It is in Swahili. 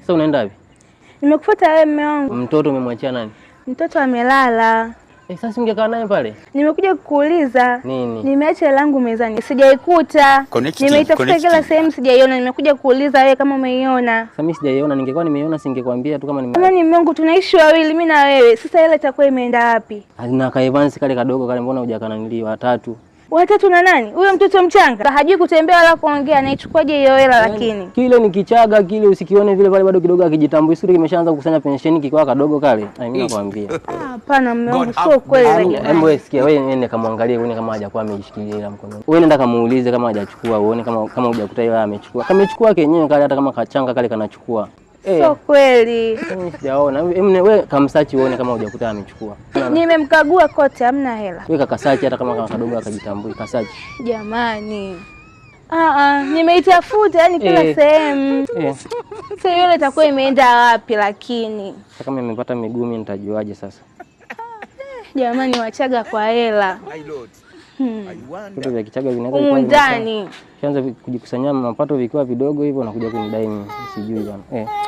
Sasa unaenda wapi? Nimekufuata wewe mume wangu. Mtoto umemwachia nani? Mtoto amelala. E, sasa ungekaa naye pale. Nimekuja kukuuliza. Nini? Nimeacha hela yangu mezani. Sijaikuta. Nimeitafuta kila sehemu sijaiona. Nimekuja kuuliza wewe kama umeiona. Sasa mimi sijaiona, ningekuwa nimeiona singekwambia tu kama nimeona. Kama ni mume wangu tunaishi wawili mimi na wewe. Sasa hela itakuwa imeenda wapi? Na kaevansi kale kadogo kale mbona hujakananiliwa tatu? watatu na nani? Huyo mtoto mchanga hajui kutembea wala kuongea, naichukuaje hiyo hela? Yaani, lakini kile ni kichaga kile, usikione vile pale, bado kidogo akijitambui, sura kimeshaanza kukusanya pensheni kikiwa kadogo kale. Mimi nakwambia ah, hapana, mume wangu, sio kweli. Yaani, hebu sikia, wewe nenda kamwangalie, uone kama hajakuwa amejishikilia ile mkononi. Wewe nenda kamuulize kama hajachukua, uone kama kama hujakuta ile amechukua. Kamechukua kenyewe kale, hata kama kachanga kale kanachukua Eh. Sio kweli. Mimi sijaona. Wewe kamsachi uone kama hujakutana amechukua. Nimemkagua kote hamna hela. Wewe kakasachi hata kama kama kadogo akajitambui kasachi. Jamani. Ah ah, nimeitafuta yani kila eh. sehemu. Eh. Sasa yule itakuwa imeenda wapi lakini? Sasa kama imepata miguu nitajuaje sasa? Jamani Wachaga kwa hela. Hmm. Vitu vya Kichaga vinaweza Kianza kujikusanyia mapato vikiwa vidogo hivyo na kuja kunidai mimi. Sijui bana. Eh.